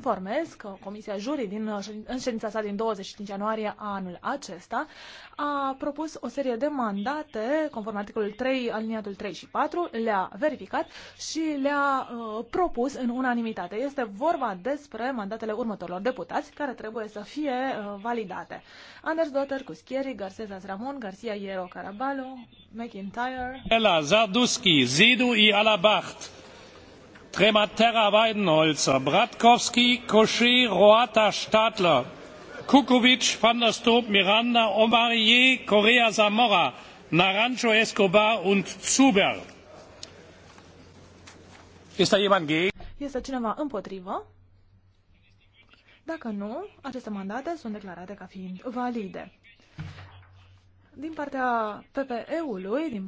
informez că Comisia Jurii din, uh, în ședința sa din 25 ianuarie anul acesta a propus o serie de mandate conform articolul 3, aliniatul 3 și 4, le-a verificat și le-a uh, propus în unanimitate. Este vorba despre mandatele următorilor deputați care trebuie să fie uh, validate. Anders Dotter, Cuschieri, Garcesa Ramon, Garcia Iero Caraballo, McIntyre, Ela Zaduski, Zidu i Alabacht trematerra weidenholzer bratkowski kouchet roata stadler Kukovic, van der stoep miranda omarjee correia zamora naranjo escobar und zuber. este cineva împotrivă? Dacă nu, aceste mandate sunt declarate ca fiind valide. Din partea PPE-ului, din